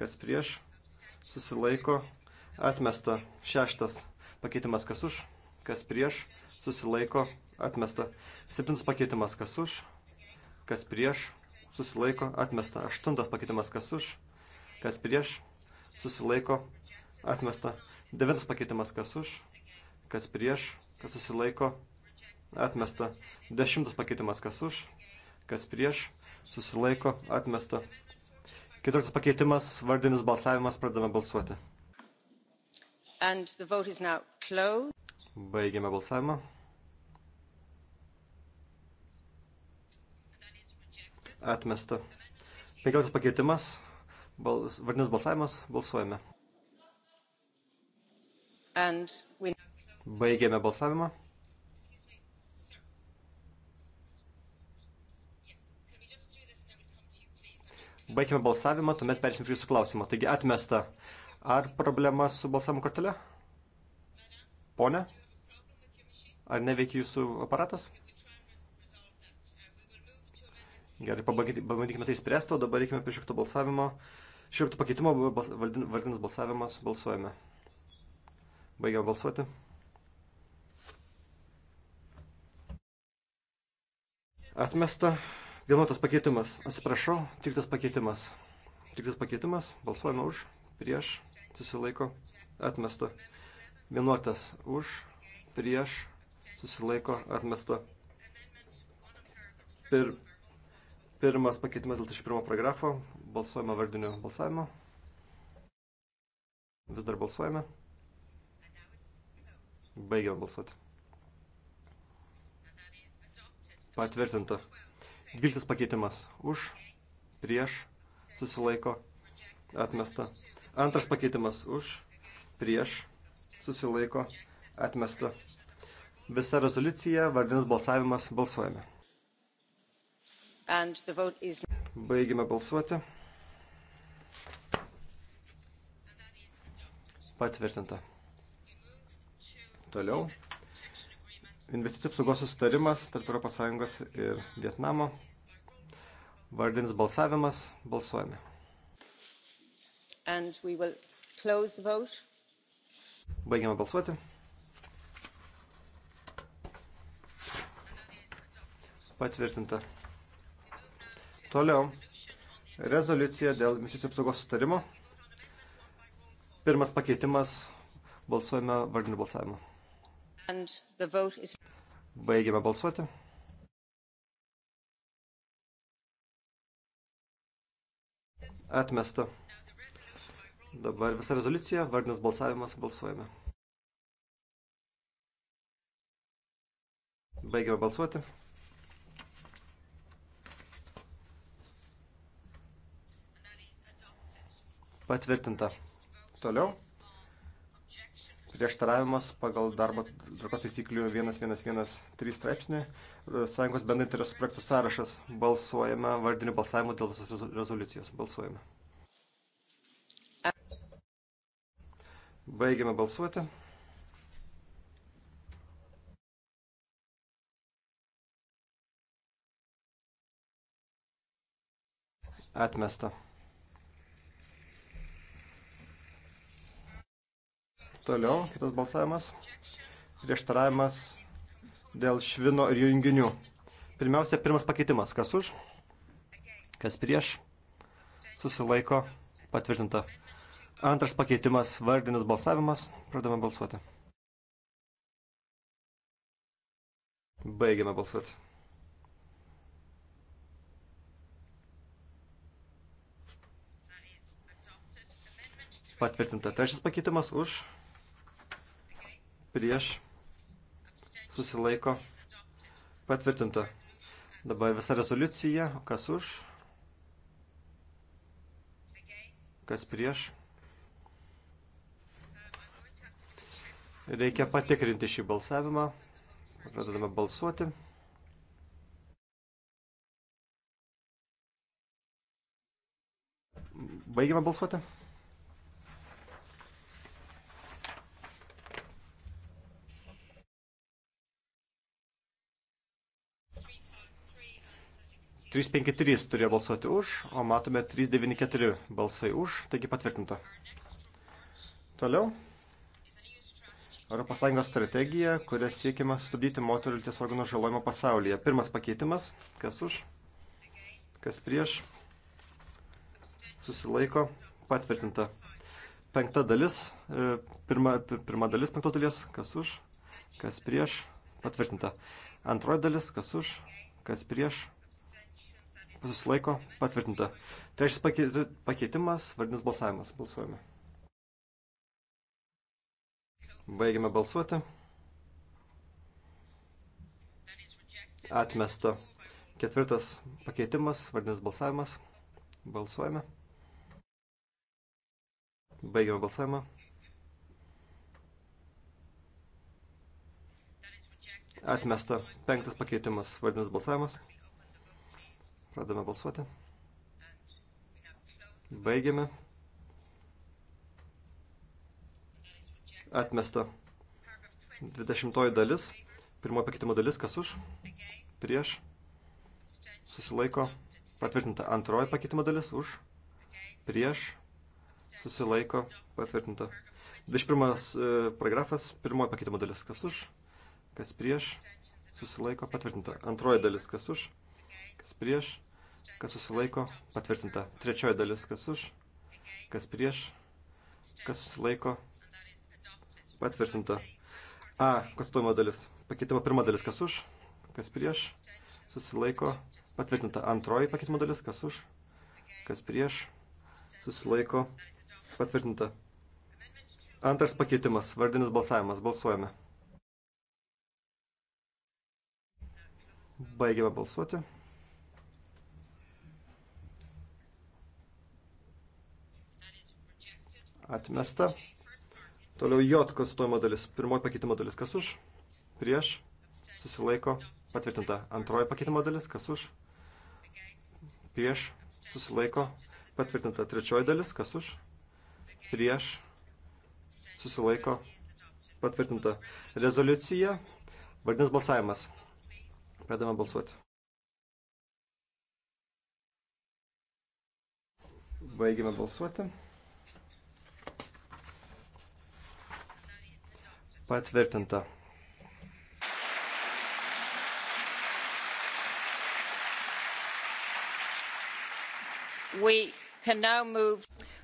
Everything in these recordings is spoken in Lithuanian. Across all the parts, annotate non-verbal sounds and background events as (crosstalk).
kas prieš, susilaiko, atmesta. Šeštas pakeitimas, kas už, kas prieš, susilaiko, atmesta. Septintas pakeitimas, kas už, kas prieš, susilaiko, atmesta. Aštuntas pakeitimas, kas už, kas prieš, susilaiko, atmesta. Devintas pakeitimas, kas už, kas prieš, kas susilaiko, atmesta. Dešimtas pakeitimas, kas už, kas prieš, susilaiko, atmesta. Keturioliktas pakeitimas, vardinis balsavimas, pradame balsuoti. Baigiame balsavimą. Atmesta. 15 pakeitimas, bals, vardinis balsavimas, balsuojame. We... Baigėme balsavimą. Baigime balsavimą, tuomet persim prie jūsų klausimo. Taigi atmesta. Ar problema su balsavimo kortelė? Pone? Ar neveikia jūsų aparatas? Gerai, pabandykime tai spręsti, o dabar reikime prie šikto balsavimo. Šikto pakeitimo vardinas balsavimas balsuojame. Baigiam balsuoti. Atmesta. Vienuotas pakeitimas. Atsiprašau, tik tas pakeitimas. Tik tas pakeitimas. Balsuojame už, prieš, susilaiko, atmesta. Vienuotas už, prieš, susilaiko, atmesta. Pir, pirmas pakeitimas dėl 31 paragrafo. Balsuojame vardiniu balsavimu. Vis dar balsuojame. Baigiam balsuoti. Patvirtinta. 12 pakeitimas. Už, prieš, susilaiko, atmesta. Antras pakeitimas. Už, prieš, susilaiko, atmesta. Visa rezoliucija, vardinis balsavimas, balsuojame. Is... Baigime balsuoti. Patvirtinta. Toliau investicijų apsaugos sustarimas tarp ES ir Vietnamo. Vardinis balsavimas. Balsuojame. Baigiame balsuoti. Patvirtinta. Toliau. Rezoliucija dėl investicijų apsaugos sustarimo. Pirmas pakeitimas. Balsuojame vardiniu balsavimu. Is... Baigėme balsuoti. Atmesta. Dabar visa rezoliucija, vardinis balsavimas, balsuojame. Baigiame balsuoti. Patvirtinta. Toliau prieštaravimas pagal darbo tvarkos taisyklių 1113 straipsnį. Sąjungos bendrai interesų projektų sąrašas balsuojame vardiniu balsavimu dėl visos rezoliucijos. Balsuojame. Baigiame balsuoti. Atmesta. Toliau, kitas balsavimas. Prieštaravimas dėl švino ir junginių. Pirmiausia, pirmas pakeitimas. Kas už? Kas prieš? Susilaiko. Patvirtinta. Antras pakeitimas. Vardinis balsavimas. Pradame balsuoti. Baigiame balsuoti. Patvirtinta. Trečias pakeitimas už prieš, susilaiko, patvirtinta. Dabar visa rezoliucija, kas už, kas prieš. Reikia patikrinti šį balsavimą. Pradedame balsuoti. Baigime balsuoti. 353 turėjo balsuoti už, o matome 394 balsai už, taigi patvirtinta. Toliau. ES strategija, kuria siekiama sustabdyti moterų lyties organų žalojimą pasaulyje. Pirmas pakeitimas. Kas už? Kas prieš? Susilaiko. Patvirtinta. Penkta dalis. E, pirma, pirma dalis penktos dalies. Kas už? Kas prieš? Patvirtinta. Antroji dalis. Kas už? Kas prieš? Susilaiko. Patvirtinta. Trečias pakeitimas, vardinis balsavimas. Balsuojame. Baigiame balsuoti. Atmesta. Ketvirtas pakeitimas, vardinis balsavimas. Balsuojame. Baigiame balsavimą. Atmesta. Penktas pakeitimas, vardinis balsavimas. Pradame balsuoti. Baigiame. Atmesta. 20 dalis. Pirmo pakeitimo dalis, kas už? Prieš. Susilaiko. Patvirtinta. Antroji pakeitimo dalis už. Prieš. Susilaiko. Patvirtinta. 21 e, paragrafas. Pirmoji pakeitimo dalis, kas už? Kas prieš? Susilaiko. Patvirtinta. Antroji dalis, kas už? kas prieš, kas susilaiko, patvirtinta. Trečioji dalis, kas už, kas prieš, kas susilaiko, patvirtinta. A, konstatuojama dalis. Pakeitimo pirma dalis, kas už, kas prieš, susilaiko, patvirtinta. Antroji pakeitimo dalis, kas už, kas prieš, susilaiko, patvirtinta. Antras pakeitimas, vardinis balsavimas, balsuojame. Baigiame balsuoti. Atmesta. Toliau J konstatuojama dalis. Pirmoji pakeitimo dalis. Kas už? Prieš. Susilaiko. Patvirtinta. Antroji pakeitimo dalis. Kas už? Prieš. Susilaiko. Patvirtinta. Trečioji dalis. Kas už? Prieš. Susilaiko. Patvirtinta. Rezoliucija. Vardinis balsavimas. Pradame balsuoti. Baigime balsuoti. Patvirtinta.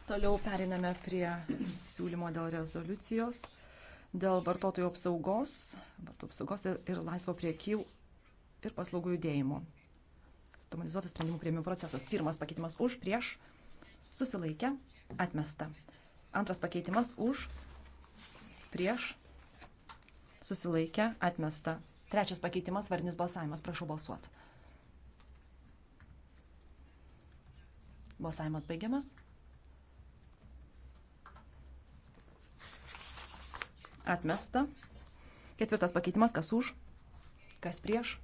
Toliau periname prie siūlymo dėl rezoliucijos, dėl vartotojų apsaugos, vartotojų apsaugos ir, ir laisvo priekyv ir paslaugų judėjimo. Automatizuotas sprendimų prieimimo procesas. Pirmas pakeitimas už, prieš, susilaikę, atmesta. Antras pakeitimas už, prieš, susilaikė, atmesta. Trečias pakeitimas, varnis balsavimas, prašau balsuoti. Balsavimas baigiamas. Atmesta. Ketvirtas pakeitimas, kas už, kas prieš,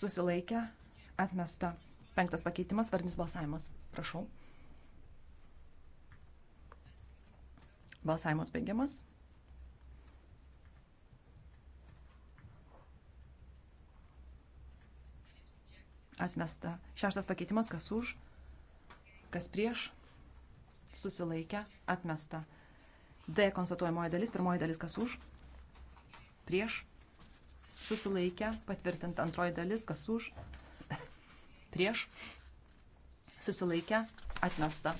susilaikė, atmesta. Penktas pakeitimas, vardinis balsavimas. Prašau. Balsavimas baigiamas. atmesta. Šeštas pakeitimas, kas už, kas prieš, susilaikę, atmesta. D konstatuojamoji dalis, pirmoji dalis, kas už, prieš, susilaikę, patvirtinta antroji dalis, kas už, (laughs) prieš, susilaikę, atmesta.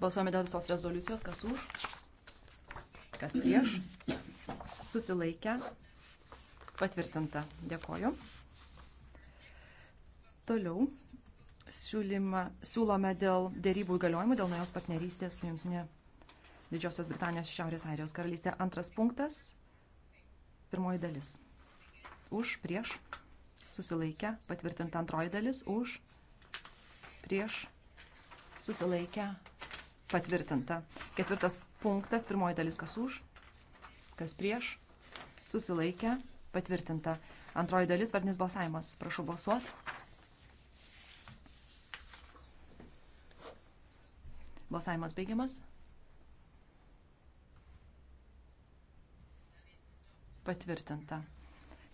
Balsuojame dėl visos rezoliucijos, kas už, kas prieš, susilaikę, patvirtinta. Dėkoju. Toliau siūlyma, siūlome dėl dėrybų įgaliojimų, dėl naujos partnerystės su Junktinė Didžiosios Britanijos Šiaurės Airijos karalystė. Antras punktas, pirmoji dalis. Už, prieš, susilaikę, patvirtinta antroji dalis, už, prieš, susilaikę, patvirtinta. Ketvirtas punktas, pirmoji dalis, kas už, kas prieš, susilaikę, patvirtinta. Antroji dalis, vardinis balsavimas. Prašau balsuoti. Balsavimas baigiamas. Patvirtinta.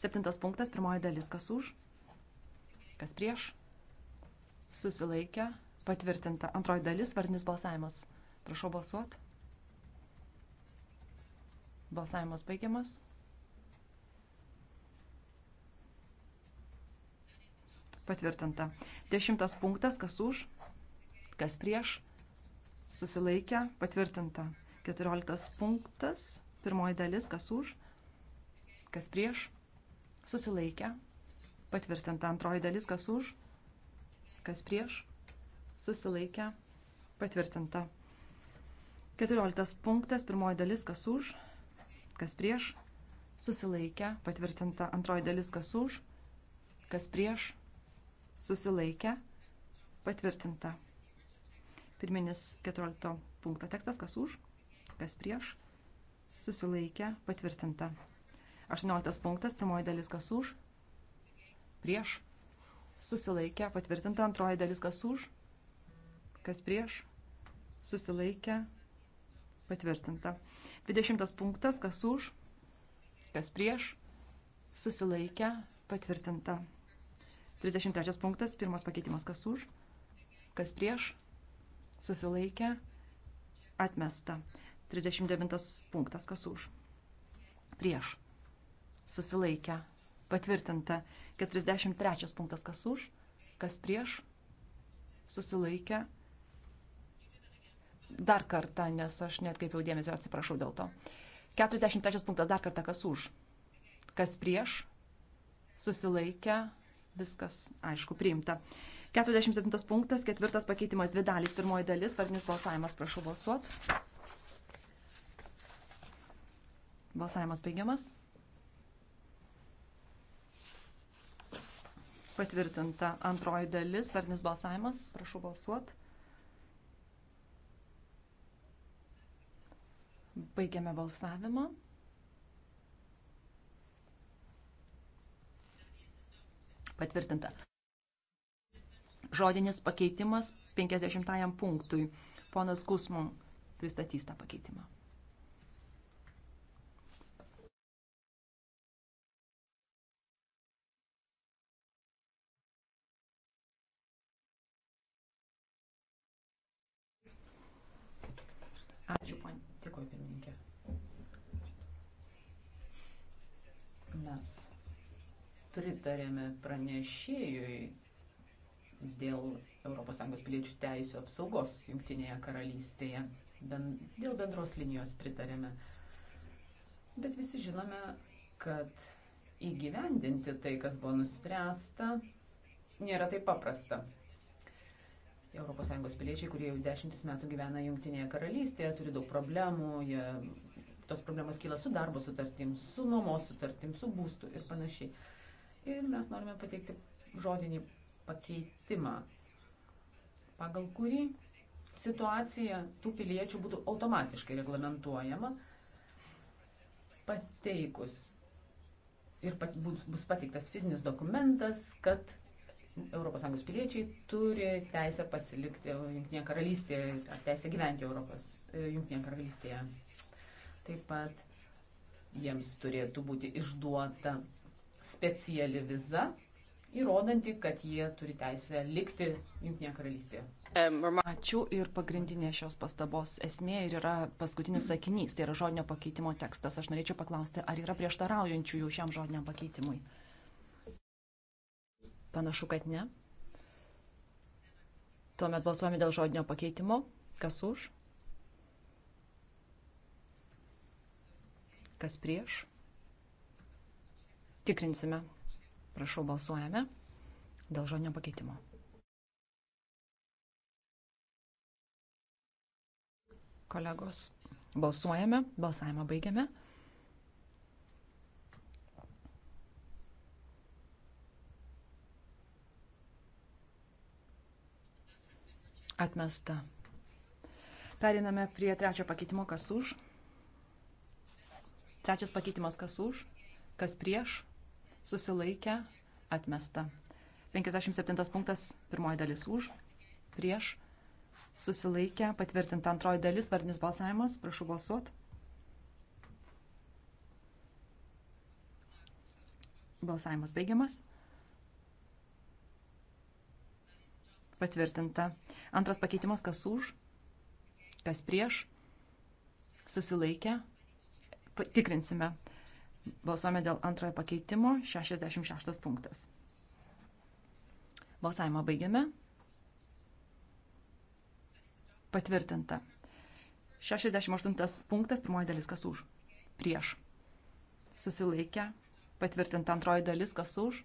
Septintas punktas, pirmoji dalis, kas už, kas prieš, susilaikę, patvirtinta. Antroji dalis, vardinis balsavimas. Prašau balsuot. Balsavimas baigiamas. Patvirtinta. Dešimtas punktas, kas už, kas prieš, susilaikę, patvirtinta. 14 punktas, pirmoji dalis, kas už, kas prieš, susilaikę, patvirtinta. Antroji dalis, kas už, kas prieš, susilaikę, patvirtinta. 14 punktas, pirmoji dalis, kas už, kas prieš, susilaikę, patvirtinta. Antroji dalis, kas už, kas prieš, susilaikę, patvirtinta. Pirminis 14 punkto tekstas, kas už, kas prieš, susilaikė, patvirtinta. 18 punktas, pirmoji dalis, kas už, prieš, susilaikė, patvirtinta. Antroji dalis, kas už, kas prieš, susilaikė, patvirtinta. 20 punktas, kas už, kas prieš, susilaikė, patvirtinta. 33 punktas, pirmas pakeitimas, kas už, kas prieš, susilaikė, atmesta. 39 punktas, kas už, prieš, susilaikė, patvirtinta. 43 punktas, kas už, kas prieš, susilaikė. Dar kartą, nes aš net kaip jau dėmesio atsiprašau dėl to. 43 punktas, dar kartą, kas už, kas prieš, susilaikė, viskas aišku priimta. 47 punktas, ketvirtas pakeitimas, dvi dalys, pirmoji dalis, vardinis balsavimas, prašau balsuot. Balsavimas baigiamas. Patvirtinta antroji dalis, vardinis balsavimas, prašau balsuot. Baigiame balsavimą. Patvirtinta žodinis pakeitimas 50 punktui. Ponas Gusmon pristatys tą pakeitimą. Ačiū, ponė. Dėkuoju, pirmininkė. Mes pritarėme pranešėjui dėl ES piliečių teisų apsaugos Junktinėje karalystėje. Ben, dėl bendros linijos pritarėme. Bet visi žinome, kad įgyvendinti tai, kas buvo nuspręsta, nėra taip paprasta. ES piliečiai, kurie jau dešimtis metų gyvena Junktinėje karalystėje, turi daug problemų, jie, tos problemos kyla su darbo sutartim, su nuomos sutartim, su būstu ir panašiai. Ir mes norime pateikti žodinį pakeitimą, pagal kurį situacija tų piliečių būtų automatiškai reglamentuojama pateikus ir pat, bus pateiktas fizinis dokumentas, kad ES piliečiai turi teisę pasilikti Junktinėje karalystėje, ar teisę gyventi Europos e, Junktinėje karalystėje. Taip pat jiems turėtų būti išduota speciali viza įrodanti, kad jie turi teisę likti Junktinėje karalystėje. Ačiū ir pagrindinė šios pastabos esmė ir yra paskutinis sakinys, tai yra žodinio pakeitimo tekstas. Aš norėčiau paklausti, ar yra prieštaraujančiųjų šiam žodiniam pakeitimui? Panašu, kad ne. Tuomet balsuojame dėl žodinio pakeitimo. Kas už? Kas prieš? Tikrinsime. Prašau, balsuojame dėl žodinio pakeitimo. Kolegos, balsuojame, balsavimą baigiame. Atmesta. Periname prie trečio pakeitimo, kas už. Trečias pakeitimas, kas už, kas prieš, susilaikę, atmesta. 57 punktas, pirmoji dalis už, prieš, susilaikę, patvirtinta antroji dalis, vardinis balsavimas, prašau balsuot. Balsavimas baigiamas. Patvirtinta. Antras pakeitimas, kas už, kas prieš, susilaikę, tikrinsime. Balsuojame dėl antrojo pakeitimo, 66 punktas. Balsavimą baigiame. Patvirtinta. 68 punktas, pirmoji dalis, kas už. Prieš. Susilaikę. Patvirtinta antroji dalis, kas už.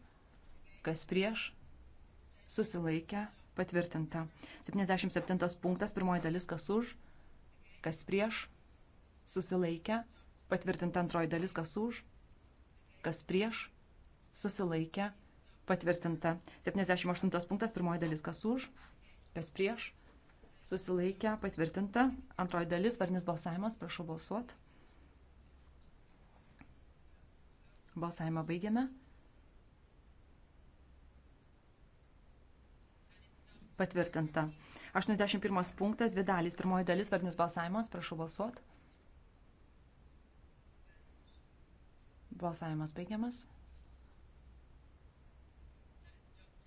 Kas prieš. Susilaikę. Patvirtinta. 77 punktas, pirmoji dalis, kas už. Kas prieš. Susilaikę. Patvirtinta antroji dalis, kas už kas prieš, susilaikė, patvirtinta. 78 punktas, pirmoji dalis, kas už, kas prieš, susilaikė, patvirtinta. Antroji dalis, varnis balsavimas, prašau balsuot. Balsavimą baigiame. Patvirtinta. 81 punktas, dvi dalys, pirmoji dalis, varnis balsavimas, prašau balsuot. Balsavimas baigiamas.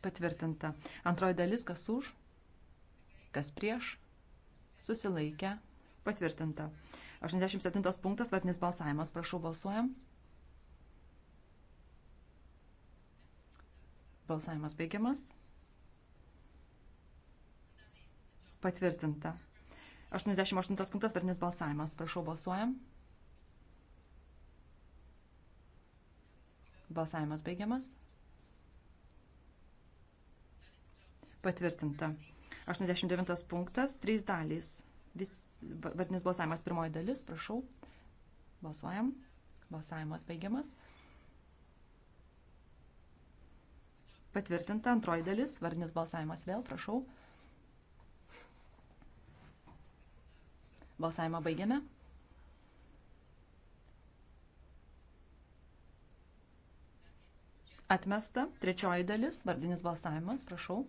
Patvirtinta. Antroji dalis, kas už, kas prieš, susilaikę, patvirtinta. 87 punktas, vardinis balsavimas, prašau balsuojam. Balsavimas baigiamas. Patvirtinta. 88 punktas, vardinis balsavimas, prašau balsuojam. Balsavimas baigiamas. Patvirtinta. 89 punktas, 3 dalys. Vis, vardinis balsavimas pirmoji dalis, prašau. Balsuojam. Balsavimas baigiamas. Patvirtinta antroji dalis, vardinis balsavimas vėl, prašau. Balsavimą baigiame. Atmesta. Trečioji dalis. Vardinis balsavimas. Prašau.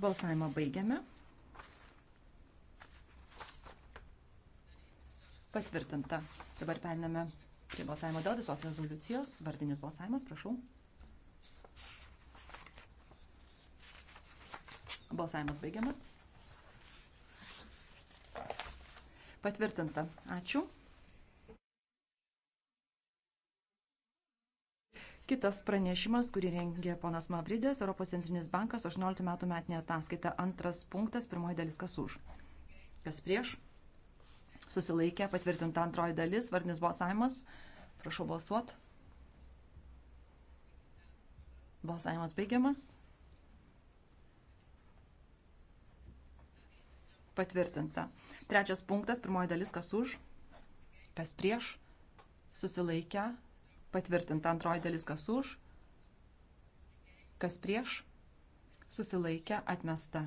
Balsavimą baigiame. Patvirtinta. Dabar periname prie balsavimo dėl visos rezoliucijos. Vardinis balsavimas, prašau. Balsavimas baigiamas. Patvirtinta. Ačiū. Kitas pranešimas, kurį rengė ponas Mavridės, Europos centrinis bankas 18 metų metinė ataskaita. Antras punktas, pirmoji dalis kas už. Kas prieš? Susilaikė, patvirtinta antroji dalis, vardinis balsavimas. Prašau balsuot. Balsavimas baigiamas. Patvirtinta. Trečias punktas, pirmoji dalis kas už. Kas prieš? Susilaikė, Patvirtinta antroji dalis kas už, kas prieš, susilaikė atmesta.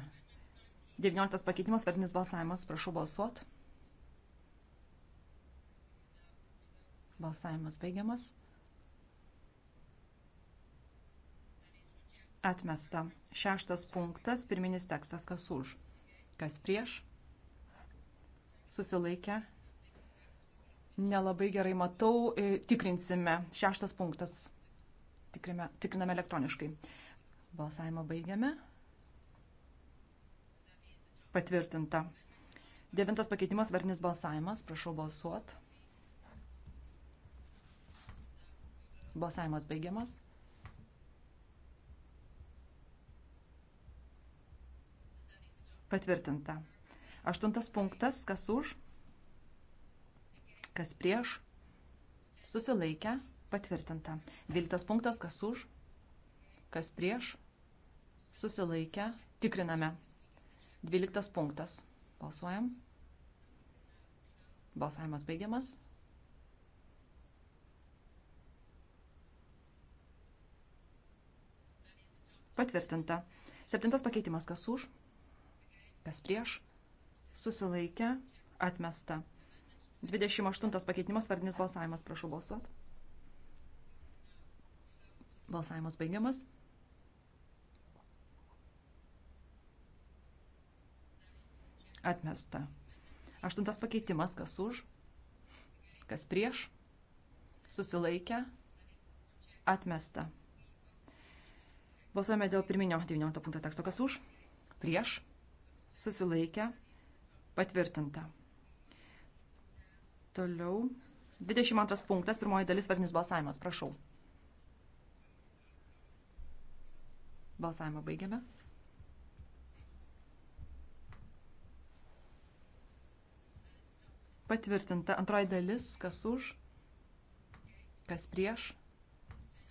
19 pakeitimas, vertinis balsavimas, prašau balsuot. Balsavimas baigiamas. Atmesta. Šeštas punktas, pirminis tekstas, kas už, kas prieš, susilaikė atmesta nelabai gerai matau, e, tikrinsime. Šeštas punktas. Tikrime, tikriname elektroniškai. Balsavimą baigiame. Patvirtinta. Devintas pakeitimas, varnis balsavimas. Prašau balsuot. Balsavimas baigiamas. Patvirtinta. Aštuntas punktas, kas už? kas prieš, susilaikę, patvirtinta. Dvyliktas punktas, kas už, kas prieš, susilaikę, tikriname. Dvyliktas punktas, balsuojam. Balsavimas baigiamas. Patvirtinta. Septintas pakeitimas, kas už, kas prieš, susilaikę, atmesta. 28 pakeitimas, vardinis balsavimas, prašau balsuoti. Balsavimas baigiamas. Atmesta. Aštuntas pakeitimas, kas už, kas prieš, susilaikę, atmesta. Balsuojame dėl pirminio 19 punkto teksto, kas už, prieš, susilaikę, patvirtinta. Toliau. 22 punktas, pirmoji dalis, vardinis balsavimas. Prašau. Balsavimą baigiame. Patvirtinta antroji dalis, kas už, kas prieš,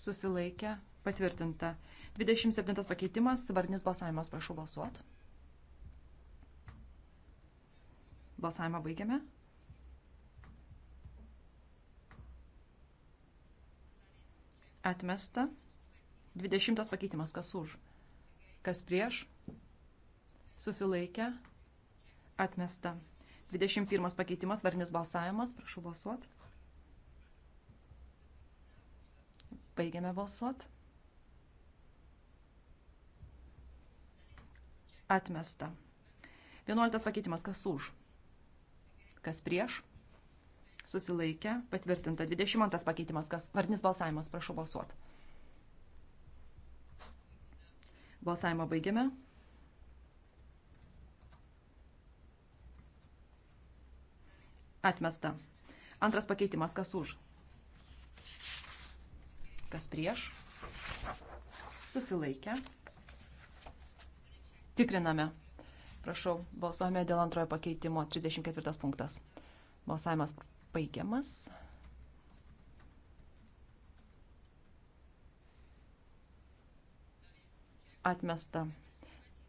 susilaikė, patvirtinta. 27 pakeitimas, vardinis balsavimas, prašau balsuot. Balsavimą baigiame. Atmesta. 20 pakeitimas. Kas už? Kas prieš? Susilaikę. Atmesta. 21 pakeitimas. Varnis balsavimas. Prašau balsuoti. Baigiame balsuoti. Atmesta. 11 pakeitimas. Kas už? Kas prieš? susilaikę, patvirtinta 22 pakeitimas, kas vardinis balsavimas, prašau balsuoti. Balsavimą baigiame. Atmesta. Antras pakeitimas, kas už? Kas prieš? Susilaikę. Tikriname. Prašau, balsuojame dėl antrojo pakeitimo, 34 punktas. Balsavimas baigiamas. Atmesta.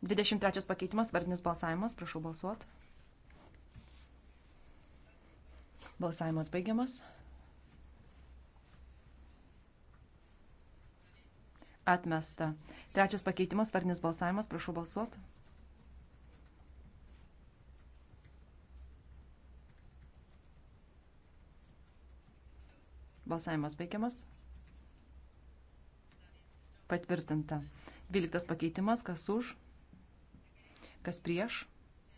23 pakeitimas, vardinis balsavimas, prašau balsuot. Balsavimas baigiamas. Atmesta. Trečias pakeitimas, vardinis balsavimas, prašau balsuot. Balsavimas baigiamas. Balsavimas baigiamas. Patvirtinta. 12 pakeitimas, kas už, kas prieš,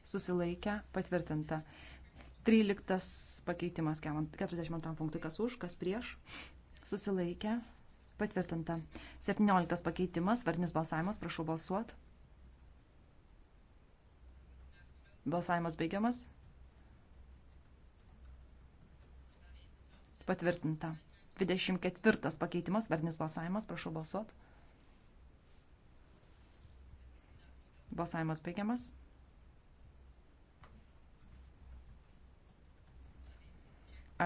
susilaikę, patvirtinta. 13 pakeitimas, 42 punktui, kas už, kas prieš, susilaikę, patvirtinta. 17 pakeitimas, varnis balsavimas, prašau balsuot. Balsavimas baigiamas. Patvirtinta. 24 pakeitimas, varnis balsavimas, prašau balsuot. Balsavimas baigiamas.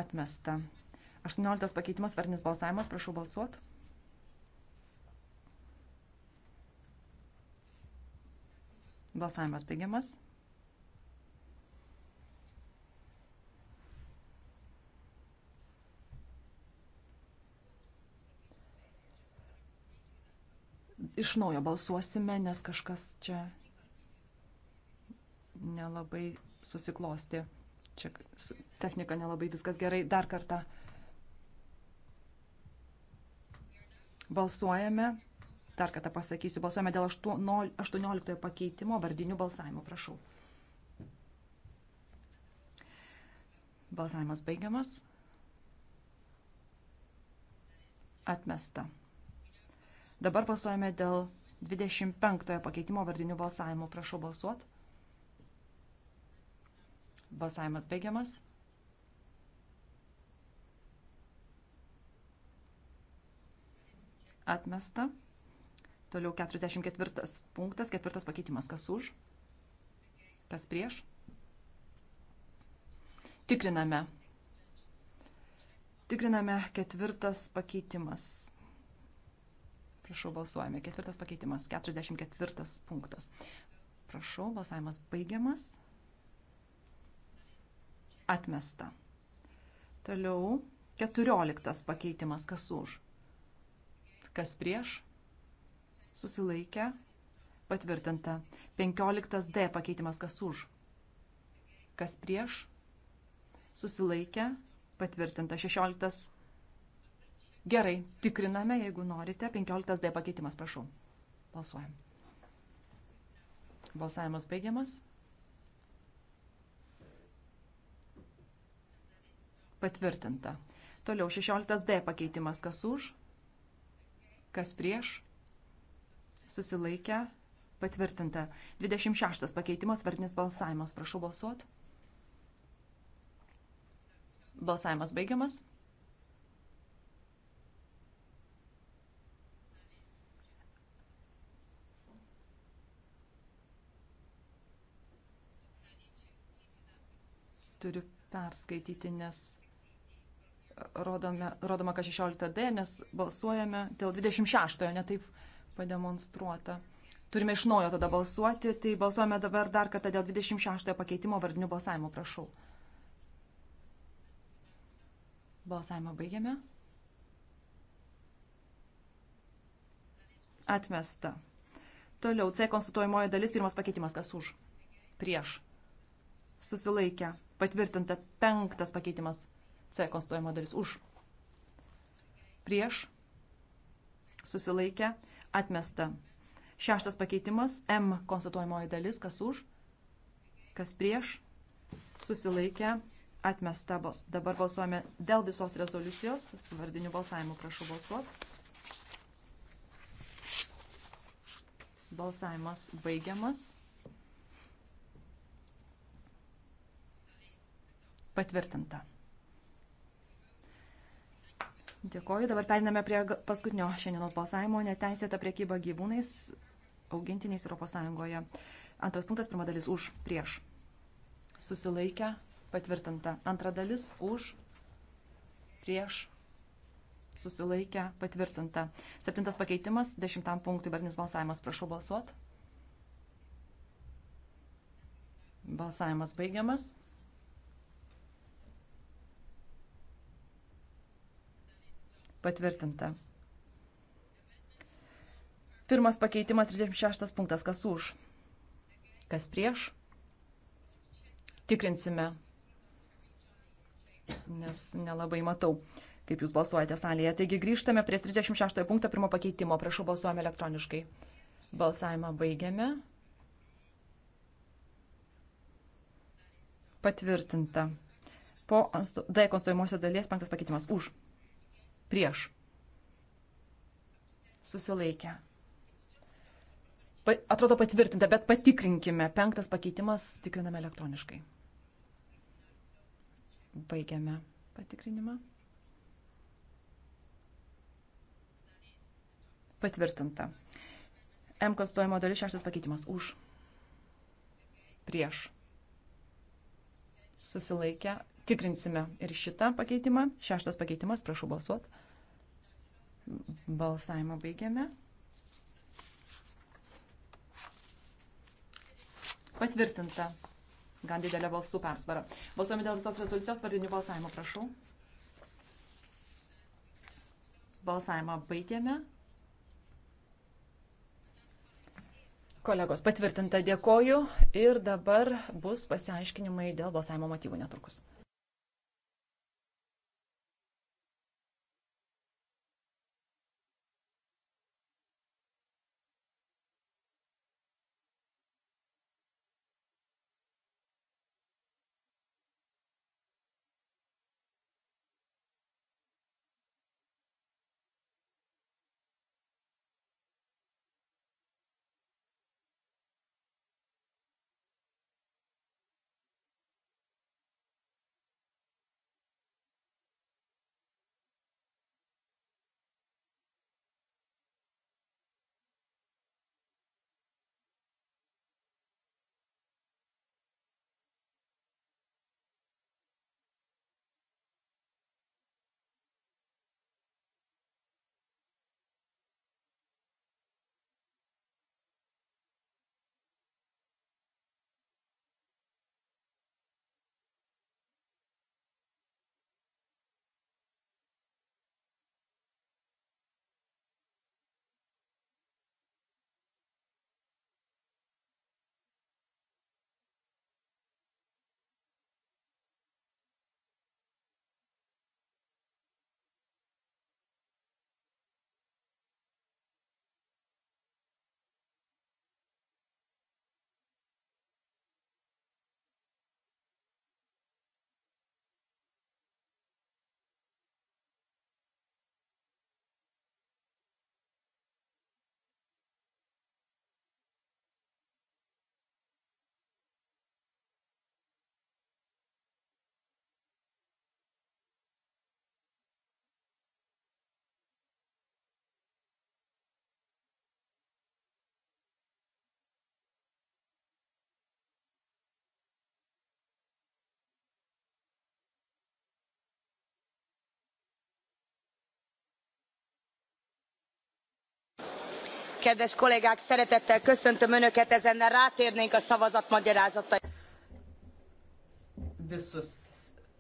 Atmesta. 18 pakeitimas, varnis balsavimas, prašau balsuot. Balsavimas baigiamas. iš naujo balsuosime, nes kažkas čia nelabai susiklosti. Čia technika nelabai viskas gerai. Dar kartą balsuojame. Dar kartą pasakysiu, balsuojame dėl 18 pakeitimo vardinių balsavimų, prašau. Balsavimas baigiamas. Atmesta. Dabar balsuojame dėl 25 pakeitimo vardinių balsavimų. Prašau balsuot. Balsavimas baigiamas. Atmesta. Toliau 44 punktas, ketvirtas pakeitimas. Kas už? Kas prieš? Tikriname. Tikriname ketvirtas pakeitimas. Prašau, balsuojame. Ketvirtas pakeitimas, 44 punktas. Prašau, balsavimas baigiamas. Atmesta. Toliau, 14 pakeitimas, kas už. Kas prieš? Susilaikę. Patvirtinta. 15 D pakeitimas, kas už. Kas prieš? Susilaikę. Patvirtinta. 16 Gerai, tikriname, jeigu norite. 15D pakeitimas, prašau. Balsuojam. Balsavimas baigiamas. Patvirtinta. Toliau 16D pakeitimas, kas už, kas prieš, susilaikę, patvirtinta. 26 pakeitimas, vardinis balsavimas, prašau balsuot. Balsavimas baigiamas. turiu perskaityti, nes rodome, rodoma, kad 16D, nes balsuojame dėl 26-ojo, netaip pademonstruota. Turime iš naujo tada balsuoti, tai balsuojame dabar dar kartą dėl 26-ojo pakeitimo vardinių balsavimų, prašau. Balsavimą baigiame. Atmesta. Toliau C konstatuojamoji dalis, pirmas pakeitimas, kas už? Prieš. Susilaikę Patvirtinta penktas pakeitimas C konstatuojama dalis už. Prieš susilaikę atmesta. Šeštas pakeitimas M konstatuojamoji dalis kas už, kas prieš susilaikę atmesta. Dabar balsuojame dėl visos rezoliucijos. Vardinių balsavimų prašau balsuoti. Balsavimas baigiamas. Patvirtinta. Dėkoju. Dabar periname prie paskutinio šiandienos balsavimo - neteisėta priekyba gyvūnais augintiniais Europos Sąjungoje. Antras punktas, pirma dalis už, prieš. Susilaikę, patvirtinta. Antra dalis už, prieš, susilaikę, patvirtinta. Septintas pakeitimas, dešimtam punktui barnis balsavimas. Prašau balsuot. Balsavimas baigiamas. Patvirtinta. Pirmas pakeitimas 36 punktas. Kas už? Kas prieš? Tikrinsime, nes nelabai matau, kaip jūs balsuojate salėje. Taigi grįžtame prie 36 punktą pirmo pakeitimo. Prašau, balsuojame elektroniškai. Balsavimą baigiame. Patvirtinta. Po D konstruojamosios dalies penktas pakeitimas. Už prieš susilaikę. Pa, atrodo patvirtinta, bet patikrinkime. Penktas pakeitimas tikriname elektroniškai. Baigiame patikrinimą. Patvirtinta. M konstituojimo dalis šeštas pakeitimas. Už. Prieš. Susilaikę tikrinsime ir šitą pakeitimą. Šeštas pakeitimas, prašau balsuot. Balsavimą baigiame. Patvirtinta. Gan didelė balsų persvara. Balsuojame dėl visos rezoliucijos vardinių balsavimo, prašau. Balsavimą baigiame. Kolegos, patvirtinta dėkoju ir dabar bus pasiaiškinimai dėl balsavimo motyvų netrukus. Kedves kollégák, szeretettel köszöntöm Önöket, ezennel rátérnénk a szavazatmagyarázataira. Visus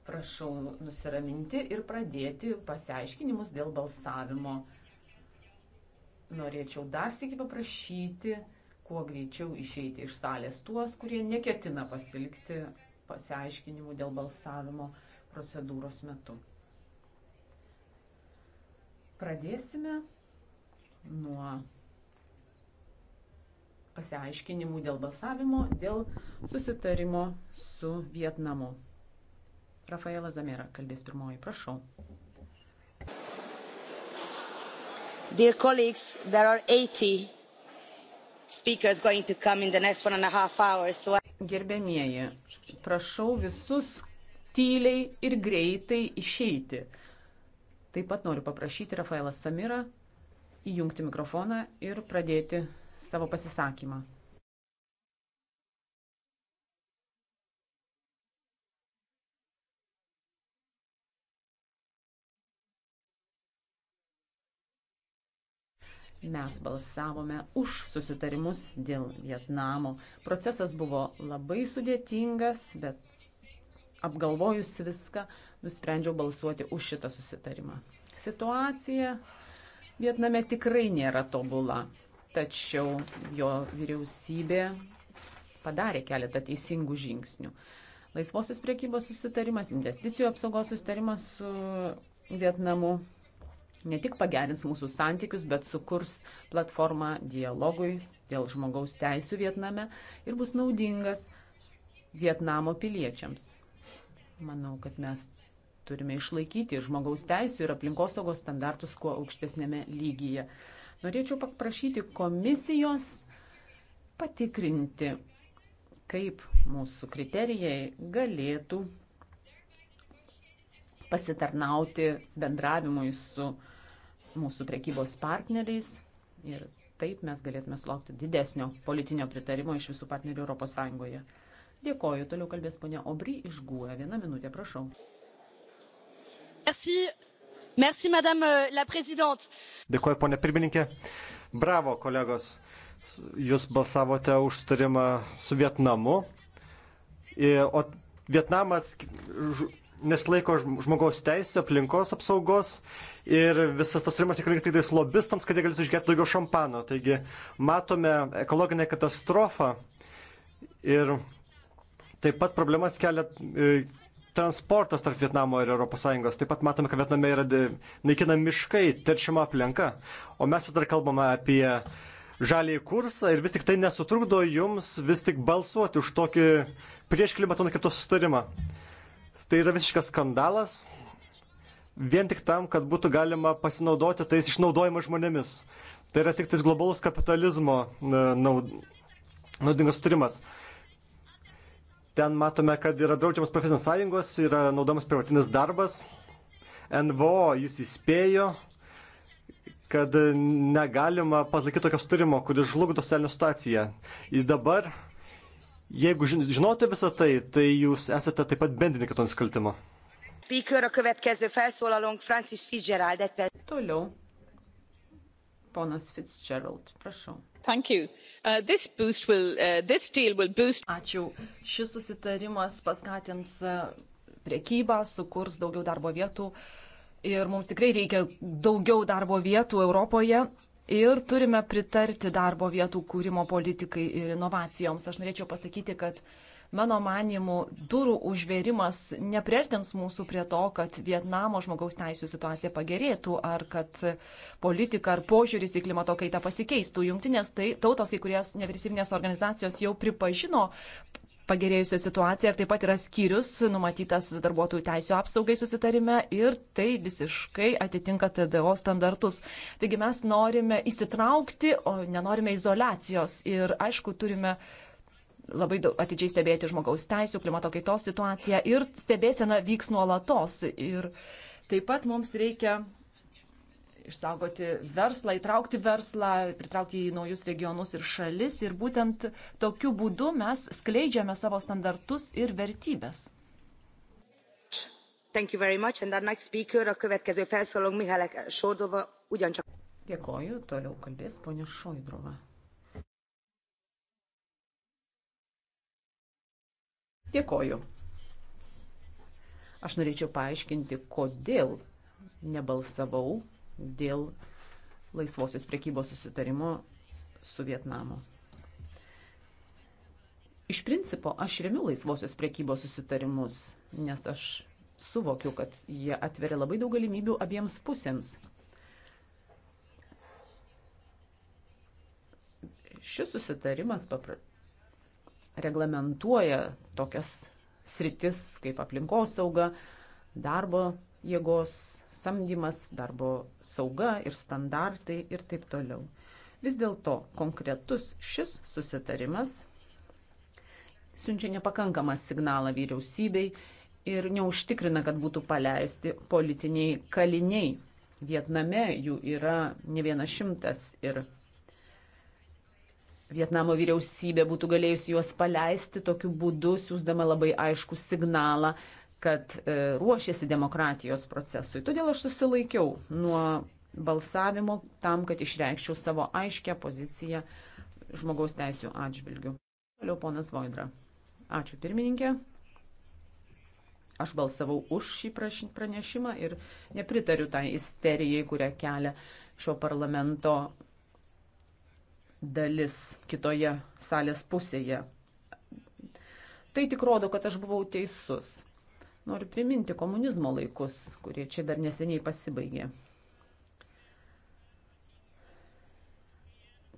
prašau nusiraminti ir pradėti pasiaiškinimus dėl balsavimo. Norėčiau dar sėki paprašyti, kuo greičiau išeiti iš salės tuos, kurie neketina pasilikti pasiaiškinimų dėl balsavimo procedūros metu. Pradėsime nuo pasiaiškinimų dėl balsavimo, dėl susitarimo su Vietnamu. Rafaela Zamera kalbės pirmoji, prašau. Dear colleagues, there are 80 speakers going to come in the next one and a half hours. So I... Gerbėmieji, prašau visus tyliai ir greitai išeiti. Taip pat noriu paprašyti Rafaelą Samirą įjungti mikrofoną ir pradėti savo pasisakymą. Mes balsavome už susitarimus dėl Vietnamo. Procesas buvo labai sudėtingas, bet apgalvojus viską, nusprendžiau balsuoti už šitą susitarimą. Situacija Vietname tikrai nėra tobula tačiau jo vyriausybė padarė keletą teisingų žingsnių. Laisvosios priekybos susitarimas, investicijų apsaugos susitarimas su Vietnamu ne tik pagerins mūsų santykius, bet sukurs platformą dialogui dėl žmogaus teisų Vietname ir bus naudingas Vietnamo piliečiams. Manau, kad mes turime išlaikyti žmogaus teisų ir aplinkosaugos standartus kuo aukštesnėme lygyje. Norėčiau paprašyti komisijos patikrinti, kaip mūsų kriterijai galėtų pasitarnauti bendravimui su mūsų prekybos partneriais ir taip mes galėtume sulaukti didesnio politinio pritarimo iš visų partnerių ES. Dėkoju, toliau kalbės ponia Obry iš GUE. Vieną minutę, prašau. Merci. Merci, madame euh, la présidente. Dėkuoju, ponė pirmininkė. Bravo, kolegos. Jūs balsavote už sutarimą su Vietnamu. O Vietnamas nesilaiko žmogaus teisų, aplinkos apsaugos ir visas tas turimas reikalingas tik tais lobistams, kad jie galėtų išgerti daugiau šampano. Taigi matome ekologinę katastrofą ir taip pat problemas kelia transportas tarp Vietnamo ir ES. Taip pat matome, kad Vietname yra naikinami miškai, teršiama aplinka. O mes vis dar kalbame apie žalį kursą ir vis tik tai nesutrukdo jums vis tik balsuoti už tokį prieš klimato nukirpto sustarimą. Tai yra visiškas skandalas. Vien tik tam, kad būtų galima pasinaudoti tais išnaudojimais žmonėmis. Tai yra tik tais globalus kapitalizmo naudingas sutarimas. Ten matome, kad yra draudžiamas profesinės sąjungos, yra naudomas privatinis darbas. NVO jūs įspėjo, kad negalima palaikyti tokio sutarimo, kuris žlugdo socialinę situaciją. Ir dabar, jeigu žinote visą tai, tai jūs esate taip pat bendrininkai to nusikaltimo. Toliau. Ponas Fitzgerald, prašau. Uh, will, uh, boost... Ačiū. Šis susitarimas paskatins uh, priekybą, sukurs daugiau darbo vietų ir mums tikrai reikia daugiau darbo vietų Europoje ir turime pritarti darbo vietų kūrimo politikai ir inovacijoms. Aš norėčiau pasakyti, kad uh, mano manimu, durų užvėrimas nepriartins mūsų prie to, kad Vietnamo žmogaus teisų situacija pagerėtų ar kad politika ar požiūris į klimato kaitą pasikeistų. Jungtinės tai, tautos kai kurios nevyriausybinės organizacijos jau pripažino pagerėjusią situaciją ir taip pat yra skyrius numatytas darbuotojų teisų apsaugai susitarime ir tai visiškai atitinka TDO standartus. Taigi mes norime įsitraukti, o nenorime izolacijos ir aišku turime labai atidžiai stebėti žmogaus teisų, klimato kaitos situaciją ir stebėsena vyks nuolatos. Ir taip pat mums reikia išsaugoti verslą, įtraukti verslą, pritraukti į naujus regionus ir šalis. Ir būtent tokiu būdu mes skleidžiame savo standartus ir vertybės. Dėkoju, toliau kalbės ponia Šoidrova. Dėkoju. Aš norėčiau paaiškinti, kodėl nebalsavau dėl laisvosios priekybos susitarimo su Vietnamu. Iš principo, aš remiu laisvosios priekybos susitarimus, nes aš suvokiu, kad jie atveria labai daug galimybių abiems pusėms. Šis susitarimas papra reglamentuoja tokias sritis kaip aplinkosauga, darbo jėgos samdymas, darbo sauga ir standartai ir taip toliau. Vis dėlto konkretus šis susitarimas siunčia nepakankamą signalą vyriausybei ir neužtikrina, kad būtų paleisti politiniai kaliniai. Vietname jų yra ne vienas šimtas ir Vietnamo vyriausybė būtų galėjusi juos paleisti tokiu būdu, siūsdama labai aišku signalą, kad e, ruošiasi demokratijos procesui. Todėl aš susilaikiau nuo balsavimo tam, kad išreikščiau savo aiškę poziciją žmogaus teisų atžvilgių. Toliau ponas Voidra. Ačiū pirmininkė. Aš balsavau už šį pranešimą ir nepritariu tai isterijai, kurią kelia šio parlamento dalis kitoje salės pusėje. Tai tik rodo, kad aš buvau teisus. Noriu priminti komunizmo laikus, kurie čia dar neseniai pasibaigė.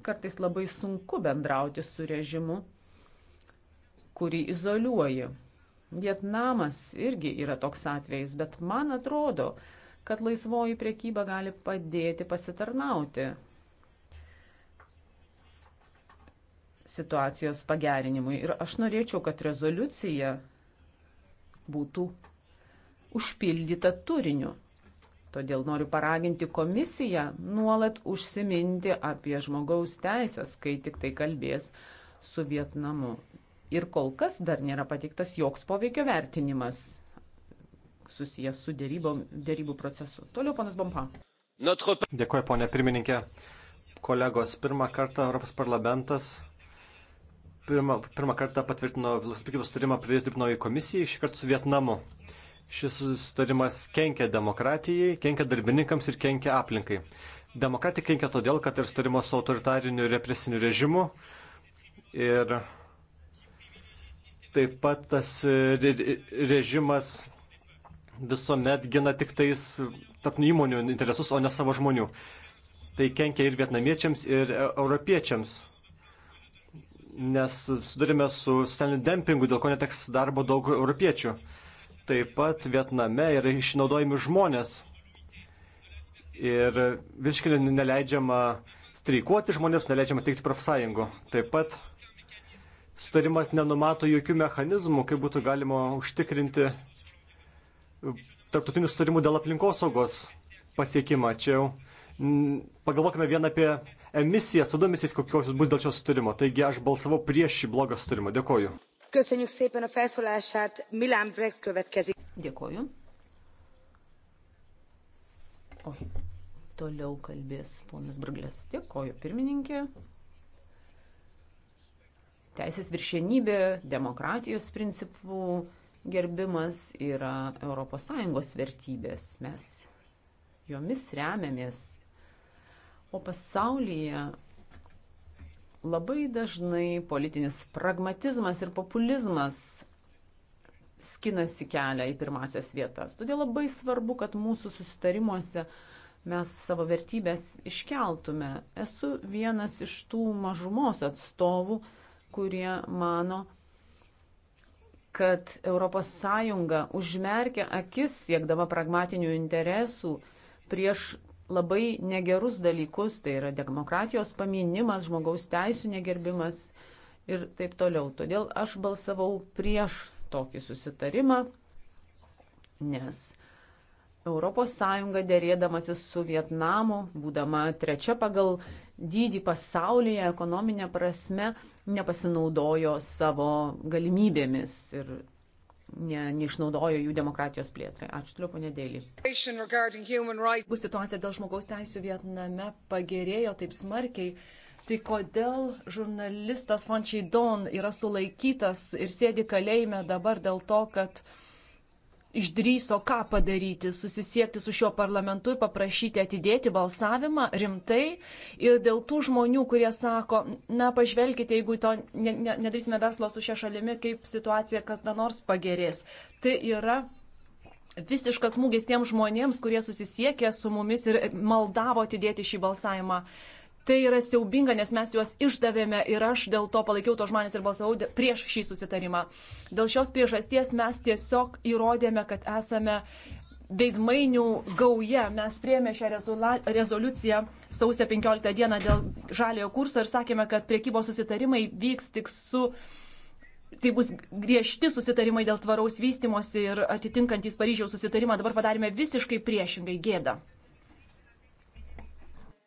Kartais labai sunku bendrauti su režimu, kurį izoliuoji. Vietnamas irgi yra toks atvejis, bet man atrodo, kad laisvoji priekyba gali padėti pasitarnauti situacijos pagerinimui. Ir aš norėčiau, kad rezoliucija būtų užpildyta turiniu. Todėl noriu paraginti komisiją nuolat užsiminti apie žmogaus teisės, kai tik tai kalbės su Vietnamu. Ir kol kas dar nėra pateiktas joks poveikio vertinimas susijęs su dėrybom, dėrybų procesu. Toliau panas Bompa. Dėkuoju, ponė pirmininkė. Kolegos, pirmą kartą Europos parlamentas pirmą, pirmą kartą patvirtino prekybos sutarimą pradės dirbti naujai komisijai, šį kartą su Vietnamu. Šis sutarimas kenkia demokratijai, kenkia darbininkams ir kenkia aplinkai. Demokratija kenkia todėl, kad ir sutarimas su autoritariniu represiniu režimu ir taip pat tas režimas visuomet gina tik tais tapnių įmonių interesus, o ne savo žmonių. Tai kenkia ir vietnamiečiams, ir e, europiečiams nes sudarime su socialiniu dempingu, dėl ko neteks darbo daug europiečių. Taip pat Vietname yra išnaudojami žmonės ir visiškai neleidžiama streikuoti žmonėms, neleidžiama teikti profsąjungų. Taip pat sutarimas nenumato jokių mechanizmų, kaip būtų galima užtikrinti tarptautinių sutarimų dėl aplinkosaugos pasiekimą. Čia jau pagalvokime vien apie emisijas, tada emisijas kokios bus dėl šio sutarimo. Taigi aš balsavau prieš šį blogą sutarimą. Dėkoju. Köszönjük szépen a felszólását. Milán Brex következik. Dėkoju. O, toliau kalbės ponas Brglės. Dėkoju, pirmininkė. Teisės viršienybė, demokratijos principų gerbimas yra ES vertybės. Mes jomis remiamės O pasaulyje labai dažnai politinis pragmatizmas ir populizmas skinasi kelią į pirmasias vietas. Todėl labai svarbu, kad mūsų susitarimuose mes savo vertybės iškeltume. Esu vienas iš tų mažumos atstovų, kurie mano, kad ES užmerkia akis siekdama pragmatinių interesų prieš labai negerus dalykus, tai yra demokratijos paminimas, žmogaus teisų negerbimas ir taip toliau. Todėl aš balsavau prieš tokį susitarimą, nes ES dėrėdamasis su Vietnamu, būdama trečia pagal dydį pasaulyje ekonominė prasme, nepasinaudojo savo galimybėmis ir ne, neišnaudojo jų demokratijos plėtrai. Ačiū toliau, ponė Dėlį. Bus situacija dėl žmogaus teisų Vietname pagerėjo taip smarkiai. Tai kodėl žurnalistas Van Chidon yra sulaikytas ir sėdi kalėjime dabar dėl to, kad uh, išdryso ką padaryti, susisiekti su šiuo parlamentu ir paprašyti atidėti balsavimą rimtai. Ir dėl tų žmonių, kurie sako, na pažvelkite, jeigu to ne, ne, nedarysime verslo su šia šalimi, kaip situacija kada nors pagerės. Tai yra visiškas smūgis tiems žmonėms, kurie susisiekė su mumis ir maldavo atidėti šį balsavimą Tai yra siaubinga, nes mes juos išdavėme ir aš dėl to palaikiau to žmonės ir balsavau prieš šį susitarimą. Dėl šios priežasties mes tiesiog įrodėme, kad esame veidmainių gauja. Mes priemė šią rezoliuciją sausio 15 dieną dėl žaliojo kurso ir sakėme, kad priekybos susitarimai vyks tik su tai bus griežti susitarimai dėl tvaraus vystimosi ir atitinkantys Paryžiaus susitarimą, dabar padarėme visiškai priešingai gėdą.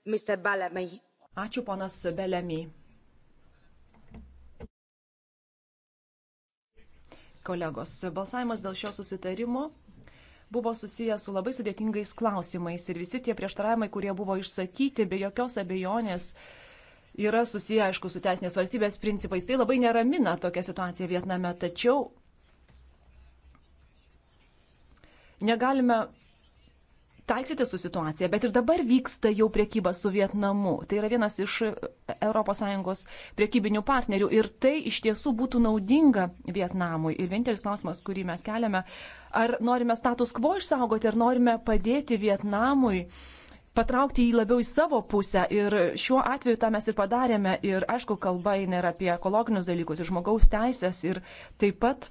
Mr. Bellamy. Ačiū, ponas Belemy. Kolegos, balsavimas dėl šio susitarimo buvo susijęs su labai sudėtingais klausimais ir visi tie prieštaravimai, kurie buvo išsakyti, be jokios abejonės yra susiję, aišku, su teisinės valstybės principais. Tai labai neramina tokia situacija Vietname, tačiau negalime taiksite su situacija, bet ir dabar vyksta jau priekyba su Vietnamu. Tai yra vienas iš ES priekybinių partnerių ir tai iš tiesų būtų naudinga Vietnamui. Ir vienintelis klausimas, kurį mes keliame, ar norime status quo išsaugoti, ar norime padėti Vietnamui patraukti jį labiau į savo pusę. Ir šiuo atveju tą mes ir padarėme. Ir aišku, kalba eina ir apie ekologinius dalykus, ir žmogaus teisės, ir taip pat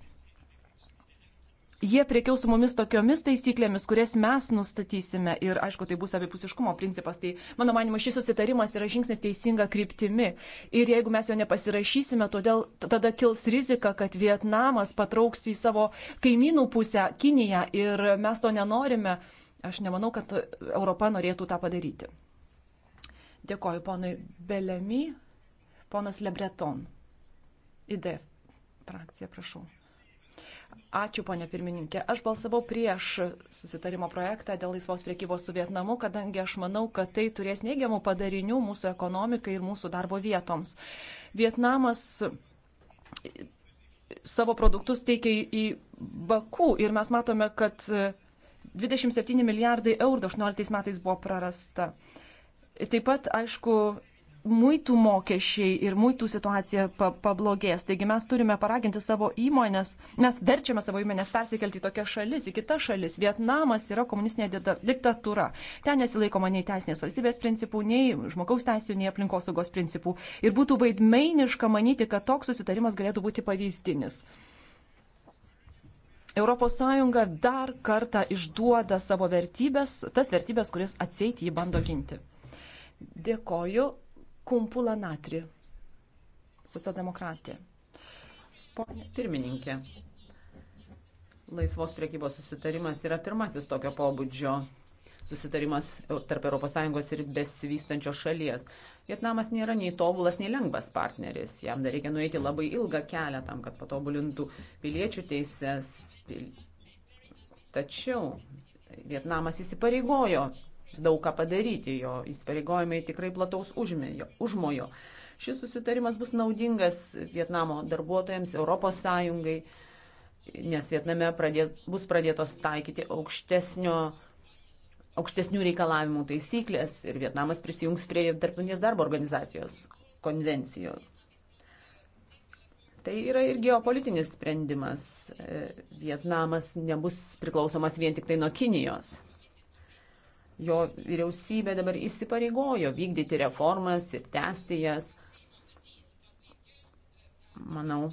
jie priekiaus su mumis tokiomis taisyklėmis, kurias mes nustatysime. Ir aišku, tai bus abipusiškumo principas. Tai mano manimo, šis susitarimas yra žingsnis teisinga kryptimi. Ir jeigu mes jo nepasirašysime, todėl tada kils rizika, kad Vietnamas patrauks į savo kaimynų pusę Kiniją ir mes to nenorime. Aš nemanau, kad Europa norėtų tą padaryti. Dėkoju ponui Belemi, ponas Lebreton. ID frakcija, prašau. Ačiū, ponė pirmininkė. Aš balsavau prieš susitarimo projektą dėl laisvos priekybos su Vietnamu, kadangi aš manau, kad tai turės neigiamų padarinių mūsų ekonomikai ir mūsų darbo vietoms. Vietnamas savo produktus teikia į Baku ir mes matome, kad 27 milijardai eurų 18 metais buvo prarasta. Taip pat, aišku, muitų mokesčiai ir muitų situacija pa pablogės. Taigi mes turime paraginti savo įmonės, mes verčiame savo įmonės persikelti į tokias šalis, į kitas šalis. Vietnamas yra komunistinė diktatūra. Ten nesilaikoma nei teisinės valstybės principų, nei žmogaus teisų, nei aplinkosaugos principų. Ir būtų vaidmeiniška manyti, kad toks susitarimas galėtų būti pavyzdinis. ES dar kartą išduoda savo vertybės, tas vertybės, kuris atseit jį bando ginti. Dėkoju. Kumpula Natri, socialdemokratė. Pone pirmininkė, laisvos priekybos susitarimas yra pirmasis tokio pobūdžio susitarimas tarp ES ir besivystančios šalies. Vietnamas nėra nei tobulas, nei lengvas partneris. Jam dar reikia nueiti labai ilgą kelią tam, kad patobulintų piliečių teises. Tačiau Vietnamas įsipareigojo daug ką padaryti, jo įsipareigojimai tikrai plataus užmėjo, užmojo. Šis susitarimas bus naudingas Vietnamo darbuotojams, ES, nes Vietname pradėt, bus pradėtos taikyti aukštesnio aukštesnių reikalavimų taisyklės ir Vietnamas prisijungs prie Tarptautinės darbo organizacijos konvencijų. Tai yra ir geopolitinis sprendimas. Vietnamas nebus priklausomas vien tik tai nuo Kinijos. Jo vyriausybė dabar įsipareigojo vykdyti reformas ir tęsti jas. Manau,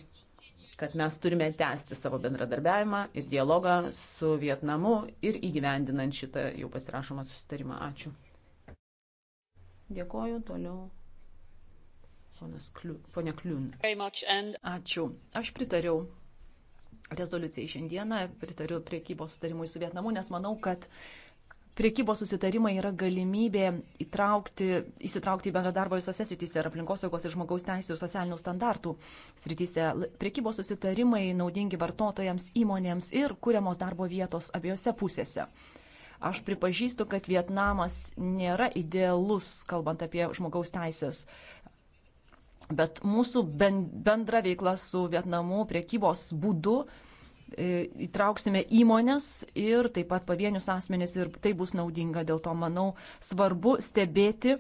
kad mes turime tęsti savo bendradarbiavimą ir dialogą su Vietnamu ir įgyvendinant šitą jau pasirašomą susitarimą. Ačiū. Dėkoju toliau. Pone Kliūn. Ačiū. Aš pritariau rezoliucijai šiandieną, pritariu priekybos sutarimui su Vietnamu, nes manau, kad uh, priekybos susitarimai yra galimybė įtraukti, įsitraukti į bendrą darbą visose srityse ir aplinkosaugos ir žmogaus teisų ir socialinių standartų srityse. Priekybos susitarimai naudingi vartotojams, įmonėms ir kuriamos darbo vietos abiejose pusėse. Aš pripažįstu, kad Vietnamas nėra idealus, kalbant apie žmogaus teisės. Bet mūsų bendra veikla su Vietnamu priekybos būdu uh, E, įtrauksime įmonės ir taip pat pavienius asmenys ir tai bus naudinga. Dėl to, manau, svarbu stebėti,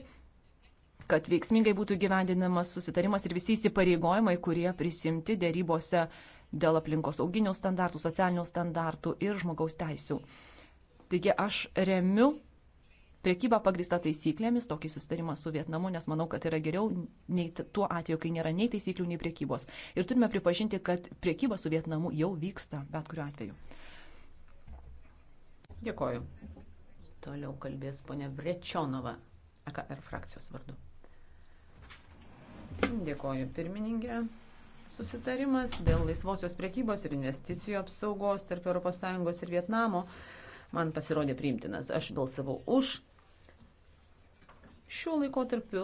kad veiksmingai būtų gyvendinamas susitarimas ir visi įsipareigojimai, kurie prisimti dėrybose dėl aplinkos auginių standartų, socialinių standartų ir žmogaus teisų. Taigi aš remiu priekybą pagrįstą taisyklėmis, tokį sustarimą su Vietnamu, nes manau, kad yra geriau nei tuo atveju, kai nėra nei taisyklių, nei priekybos. Ir turime pripažinti, kad priekyba su Vietnamu jau vyksta, bet kuriuo atveju. Dėkoju. Toliau kalbės ponia Brečionova, AKR frakcijos vardu. Dėkoju, pirmininkė. Susitarimas dėl laisvosios priekybos ir investicijų apsaugos tarp ES ir Vietnamo man pasirodė priimtinas. Aš balsavau už Šiuo laikotarpiu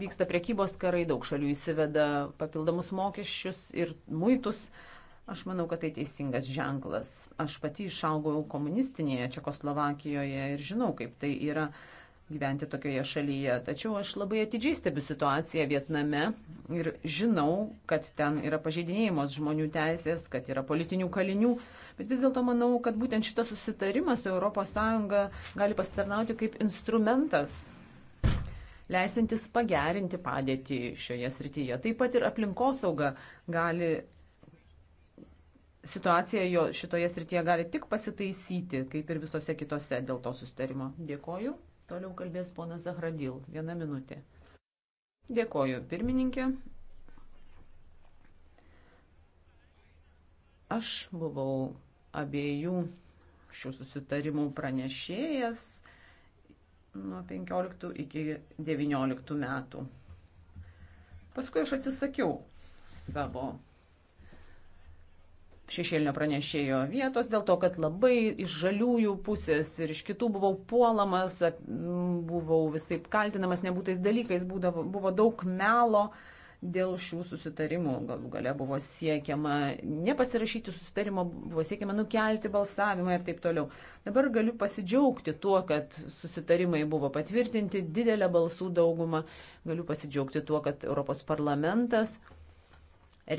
vyksta prekybos karai, daug šalių įsiveda papildomus mokesčius ir muitus. Aš manau, kad tai teisingas ženklas. Aš pati išaugau komunistinėje Čekoslovakijoje ir žinau, kaip tai yra gyventi tokioje šalyje. Tačiau aš labai atidžiai stebiu situaciją Vietname ir žinau, kad ten yra pažeidinėjimos žmonių teisės, kad yra politinių kalinių. Bet vis dėlto manau, kad būtent šitas susitarimas su ES gali pasitarnauti kaip instrumentas leisintis pagerinti padėtį šioje srityje. Taip pat ir aplinkosauga gali, situacija jo šitoje srityje gali tik pasitaisyti, kaip ir visose kitose dėl to sustarimo. Dėkoju. Toliau kalbės ponas Zahradil. Viena minutė. Dėkoju, pirmininkė. Aš buvau abiejų šių susitarimų pranešėjas nuo 15 iki 19 metų. Paskui aš atsisakiau savo šešėlinio pranešėjo vietos dėl to, kad labai iš žaliųjų pusės ir iš kitų buvau puolamas, buvau visai kaltinamas nebūtais dalykais, būdavo, buvo daug melo. Uh, dėl šių susitarimų. Galų gale buvo siekiama nepasirašyti susitarimo, buvo siekiama nukelti balsavimą ir taip toliau. Dabar galiu pasidžiaugti tuo, kad susitarimai buvo patvirtinti didelę balsų daugumą. Galiu pasidžiaugti tuo, kad Europos parlamentas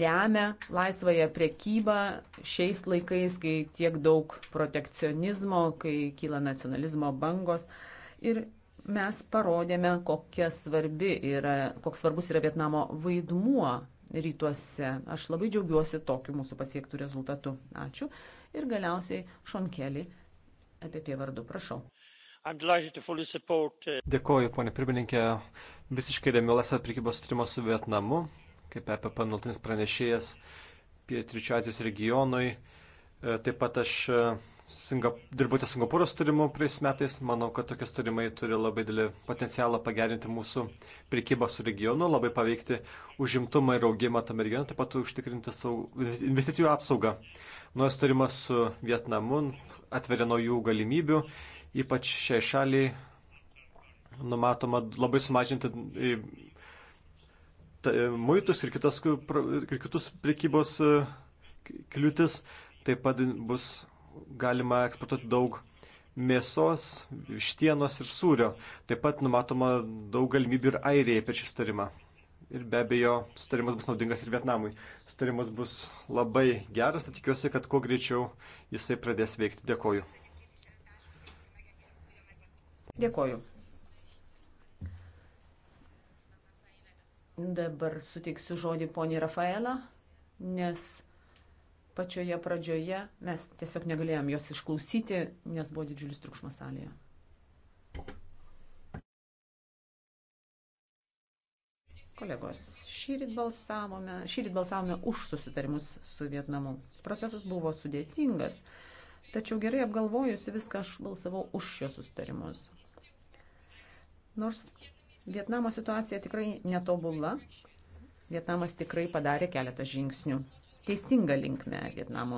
remia laisvąją priekybą šiais laikais, kai tiek daug protekcionizmo, kai kyla nacionalizmo bangos. Ir mes parodėme, svarbi yra, koks svarbus yra Vietnamo vaidmuo rytuose. Aš labai džiaugiuosi tokiu mūsų pasiektų rezultatu. Ačiū. Ir galiausiai Šonkelį apie pievardu. Prašau. Uh, Dėkoju, ponė pirmininkė. Visiškai remiu laisvą prikybos sutrimą su Vietnamu, kaip apie panultinis pranešėjas Pietričio Azijos regionui. E, taip pat aš e, Singap dirbote Singapūro sutarimu prieš metais. Manau, kad tokie sutarimai turi labai didelį potencialą pagerinti mūsų prekybą su regionu, labai paveikti užimtumą ir augimą tam regionui, taip pat užtikrinti saug... investicijų apsaugą. Nuojas sutarimas su Vietnamu atveria naujų galimybių, ypač šiai šaliai numatoma labai sumažinti e, e, muitus ir, kitas, ir kitus prekybos e, kliūtis. Taip pat bus galima eksportuoti daug mėsos, štienos ir sūrio. Taip pat numatoma daug galimybių ir Airijai per šį starimą. Ir be abejo, sutarimas bus naudingas ir Vietnamui. Sutarimas bus labai geras, tai tikiuosi, kad kuo greičiau jisai pradės veikti. Dėkoju. Dėkoju. Dabar sutiksiu žodį poniai Rafaela, nes pačioje pradžioje mes tiesiog negalėjom jos išklausyti, nes buvo didžiulis triukšmas salėje. Kolegos, šįryt balsavome, šįryt balsavome už susitarimus su Vietnamu. Procesas buvo sudėtingas, tačiau gerai apgalvojusi viską aš balsavau už šios susitarimus. Nors Vietnamo situacija tikrai netobula, Vietnamas tikrai padarė keletą žingsnių teisinga linkme Vietnamo.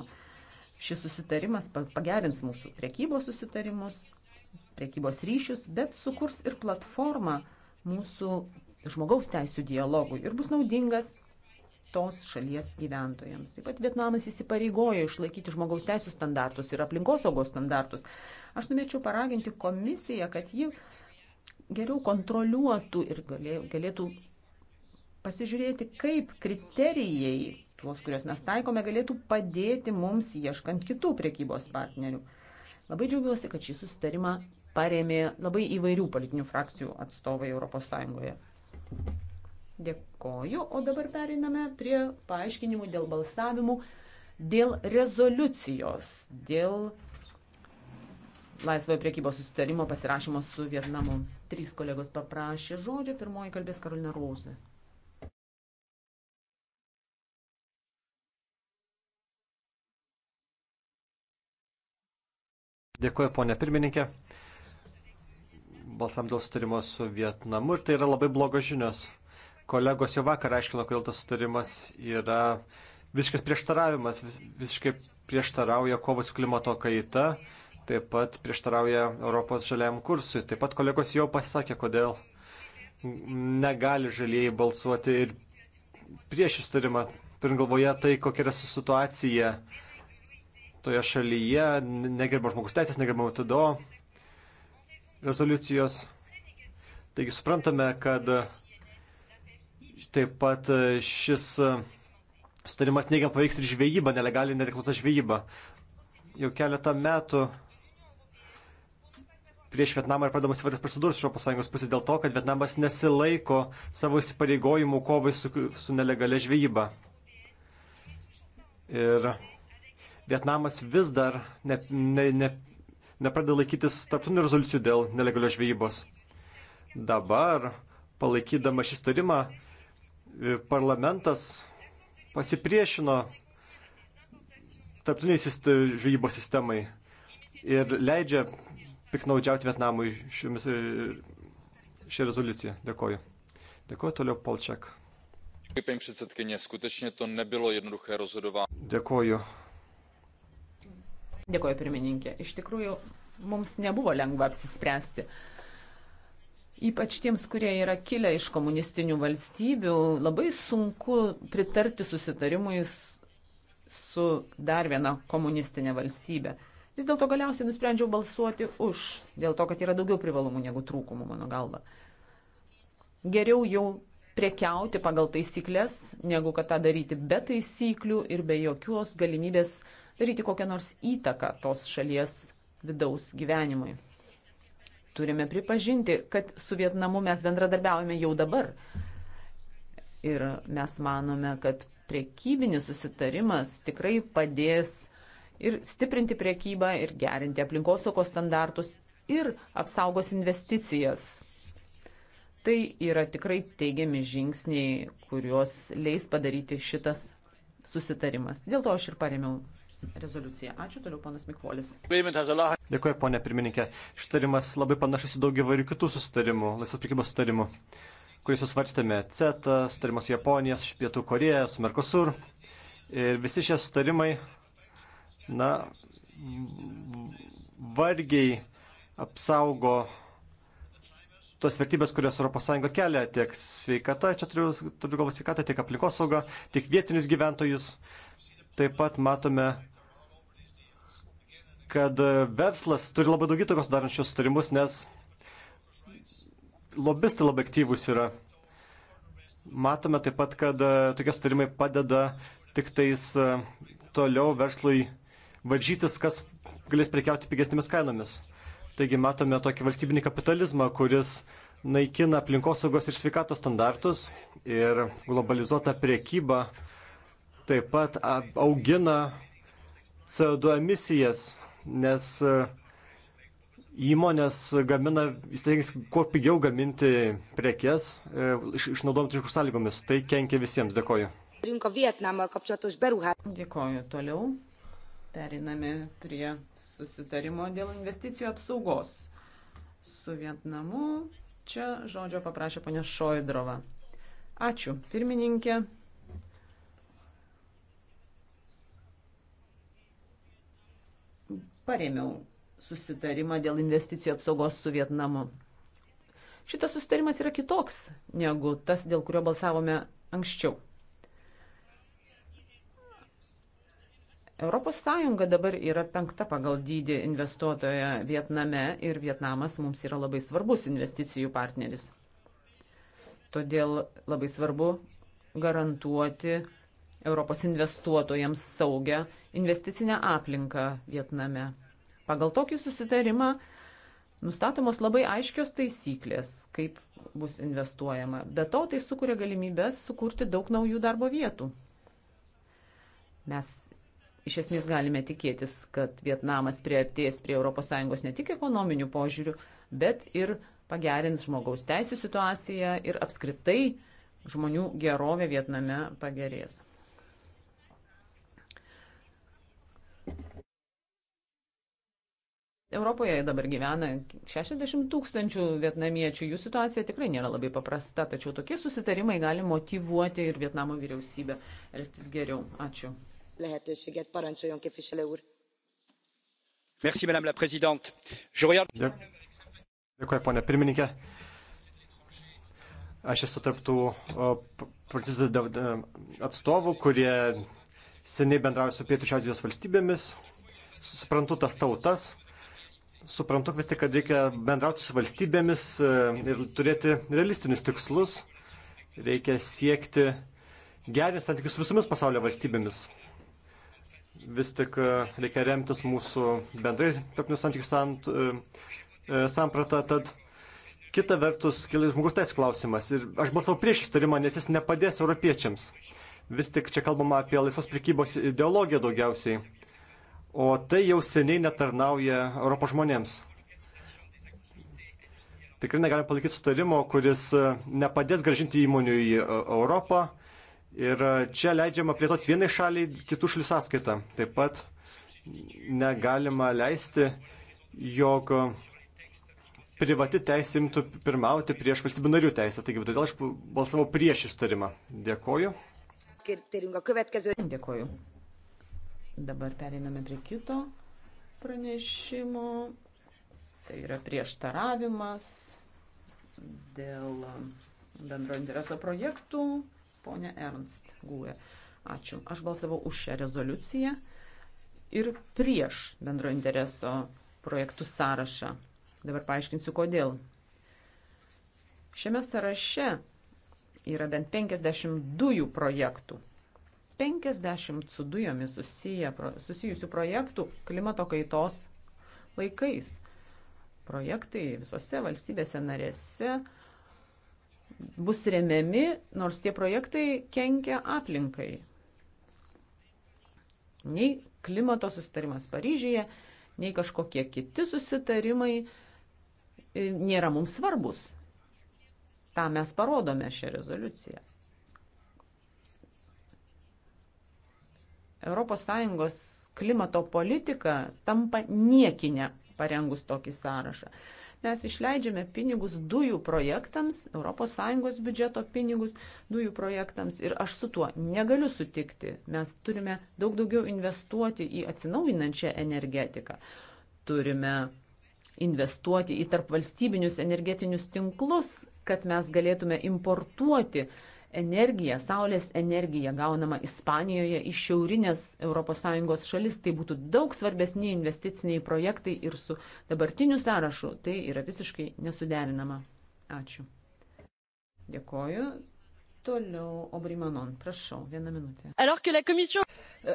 Šis susitarimas pagerins mūsų priekybos susitarimus, priekybos ryšius, bet sukurs ir platformą mūsų žmogaus teisų dialogui ir bus naudingas tos šalies gyventojams. Taip pat Vietnamas įsipareigojo išlaikyti žmogaus teisų standartus ir aplinkosaugos standartus. Aš norėčiau paraginti komisiją, kad ji geriau kontroliuotų ir galėtų pasižiūrėti, kaip kriterijai tuos, kuriuos mes taikome, galėtų padėti mums ieškant kitų priekybos partnerių. Labai džiaugiuosi, kad šį susitarimą paremė labai įvairių politinių frakcijų atstovai ES. Dėkoju, o dabar periname prie paaiškinimų dėl balsavimų, dėl rezoliucijos, dėl laisvojo priekybos susitarimo pasirašymo su Vietnamu. Trys kolegos paprašė žodžio, pirmoji kalbės Karolina Rauzė. Dėkuoju, ponė pirmininkė. Balsam dėl sutarimo su Vietnamu ir tai yra labai blogos žinios. Kolegos jau vakar aiškino, kodėl tas sutarimas yra visiškas prieštaravimas, visiškai prieštarauja kovos klimato kaita, taip pat prieštarauja Europos žaliam kursui. Taip pat kolegos jau pasakė, kodėl negali žalieji balsuoti ir prieš įstarimą, turint galvoje tai, kokia yra situacija toje šalyje, negerba žmogus teisės, negerba MTDO rezoliucijos. Taigi suprantame, kad taip pat šis sutarimas neigiam paveiks ir žvejybą, nelegali nedeklota žvejyba. Jau keletą metų prieš Vietnamą ir pradamos įvairias procedūras iš ES pusės dėl to, kad Vietnamas nesilaiko savo įsipareigojimų kovai su, su nelegalia žvejyba. Ir Vietnamas vis dar ne, ne, ne, nepradeda laikytis tarptautinių rezoliucijų dėl nelegalios žvejybos. Dabar, palaikydama šį starimą, e, parlamentas pasipriešino tarptautiniai žvejybos sistemai ir leidžia piknaudžiauti Vietnamui šiomis, e, šią rezoliuciją. Dėkoju. Dėkoju toliau, Polčiak. Paní předsedkyně, skutečně to nebylo jednoduché rozhodování. Děkuji, Dėkoju, pirmininkė. Iš tikrųjų, mums nebuvo lengva apsispręsti. Ypač tiems, kurie yra kilę iš komunistinių valstybių, labai sunku pritarti susitarimui su dar viena komunistinė valstybė. Vis dėlto galiausiai nusprendžiau balsuoti už, dėl to, kad yra daugiau privalumų negu trūkumų, mano galva. Geriau jau prekiauti pagal taisyklės, negu kad tą daryti be taisyklių ir be jokios galimybės daryti kokią nors įtaką tos šalies vidaus gyvenimui. Turime pripažinti, kad su Vietnamu mes bendradarbiaujame jau dabar. Ir mes manome, kad prekybinis susitarimas tikrai padės ir stiprinti priekybą, ir gerinti aplinkosaugos standartus, ir apsaugos investicijas. Tai yra tikrai teigiami žingsniai, kuriuos leis padaryti šitas susitarimas. Dėl to aš ir paremiau rezoliuciją. Ačiū toliau, ponas Mikvolis. Dėkuoju, ponė pirmininkė. Štarimas labai panašus į daug įvairių kitų sustarimų, laisvos prikybos sustarimų, kuriuos svarstėme. CETA, sustarimas su Japonija, su Pietų Koreja, su Mercosur. Ir visi šie sustarimai, na, vargiai apsaugo tos vertybės, kurias ES kelia, tiek sveikata, čia turiu, turiu galvo sveikatą, tiek aplinkosaugą, tiek vietinius gyventojus. Uh, taip pat matome, kad verslas turi labai daug įtakos darant šios sutarimus, nes lobistai labai aktyvūs yra. Matome taip pat, kad e, tokie sutarimai padeda tik tais e, toliau verslui varžytis, kas galės prekiauti pigesnėmis kainomis. Taigi matome tokį valstybinį kapitalizmą, kuris naikina aplinkosaugos ir sveikatos standartus ir globalizuota priekyba taip pat augina CO2 emisijas, nes e, įmonės gamina, stengiasi kuo pigiau gaminti prekes, e, išnaudojant triukų sąlygomis. Tai kenkia visiems. Dėkoju. Dėkoju. Toliau periname prie susitarimo dėl investicijų apsaugos su Vietnamu. Čia žodžio paprašė ponia Šoidrova. Ačiū, pirmininkė. paremiau susitarimą dėl investicijų apsaugos su Vietnamu. Šitas susitarimas yra kitoks negu tas, dėl kurio balsavome anksčiau. Europos Sąjunga dabar yra penkta pagal dydį investuotoja Vietname ir Vietnamas mums yra labai svarbus investicijų partneris. Todėl labai svarbu garantuoti Europos investuotojams saugę investicinę aplinką Vietname. Pagal tokį susitarimą nustatomos labai aiškios taisyklės, kaip bus investuojama. Be to, tai sukuria galimybės sukurti daug naujų darbo vietų. Mes iš esmės galime tikėtis, kad Vietnamas prieartės prie ES ne tik ekonominių požiūrių, bet ir pagerins žmogaus teisų situaciją ir apskritai žmonių gerovė Vietname pagerės. Europoje dabar gyvena 60 tūkstančių vietnamiečių, jų situacija tikrai nėra labai paprasta, tačiau tokie susitarimai gali motivuoti ir Vietnamo vyriausybę elgtis geriau. Ačiū. Merci, Madame la Présidente. Je regarde. Dėkuoju, ponė pirmininkė. Aš esu tarptų prancūzų atstovų, kurie seniai bendrauja su Pietų Šiaurės valstybėmis. Suprantu tas tautas suprantu vis tik, kad reikia bendrauti su valstybėmis e, ir turėti realistinius tikslus. Reikia siekti gerinti santykius su visomis pasaulio valstybėmis. Vis tik e, reikia remtis mūsų bendrai tarpinių santykių sant, e, samprata. Tad kita vertus, kila žmogus teisų klausimas. Ir aš balsavau prieš įstarimą, nes jis nepadės europiečiams. Vis tik čia kalbama apie laisvos prikybos ideologiją daugiausiai o tai jau seniai netarnauja Europos žmonėms. Tikrai negalime palaikyti sustarimo, kuris e, nepadės gražinti įmonių į e, Europą. Ir e, čia leidžiama plėtoti vienai šaliai kitų šalių sąskaitą. Taip pat negalima leisti, jog privati teisė imtų pirmauti prieš valstybių narių teisę. Taigi, todėl aš balsavau prieš įstarimą. Dėkoju. Dėkoju. Dabar pereiname prie kito pranešimo. Tai yra prieštaravimas dėl bendro intereso projektų. Pone Ernst Gūė. Ačiū. Aš balsavau už šią rezoliuciją ir prieš bendro intereso projektų sąrašą. Dabar paaiškinsiu, kodėl. Šiame sąraše yra bent 50 dujų projektų. 50 su dujomis susiję, susijusių projektų klimato kaitos laikais. Projektai visose valstybėse narėse bus remiami, nors tie projektai kenkia aplinkai. Nei klimato susitarimas Paryžyje, nei kažkokie kiti susitarimai e, nėra mums svarbus. Ta mes parodome šią rezoliuciją. ES klimato politika tampa niekinė parengus tokį sąrašą. Mes išleidžiame pinigus dujų projektams, ES biudžeto pinigus dujų projektams ir aš su tuo negaliu sutikti. Mes turime daug daugiau investuoti į atsinaujinančią energetiką. Turime investuoti į tarpvalstybinius energetinius tinklus, kad mes galėtume importuoti uh, energija, saulės energija gaunama Ispanijoje iš šiaurinės ES šalis, tai būtų daug svarbesni investiciniai projektai ir su dabartiniu sąrašu tai yra visiškai nesuderinama. Ačiū. Dėkoju. Toliau, Obrimanon, prašau, vieną minutę. Komisijos...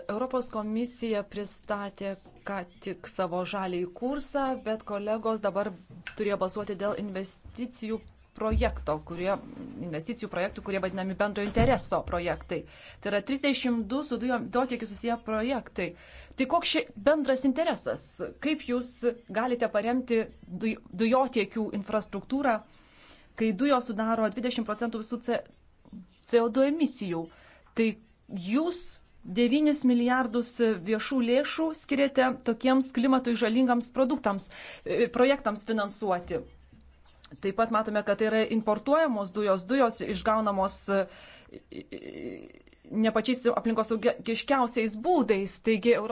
Europos komisija pristatė ką tik savo žalį į kursą, bet kolegos dabar turėjo balsuoti dėl investicijų projekto, kurie, investicijų projektų, kurie vadinami bendro intereso projektai. Tai yra 32 su dujotiekiu susiję projektai. Tai koks šis bendras interesas? Kaip jūs galite paremti du, dujotiekių infrastruktūrą, kai dujos sudaro 20 procentų visų CO2 emisijų? Tai jūs 9 milijardus viešų lėšų skiriate tokiems klimatui žalingams produktams, e, projektams finansuoti. Taip pat matome, kad tai yra importuojamos dujos, dujos išgaunamos e, e, e, ne pačiais aplinkosaugiškiausiais būdais. Taigi ES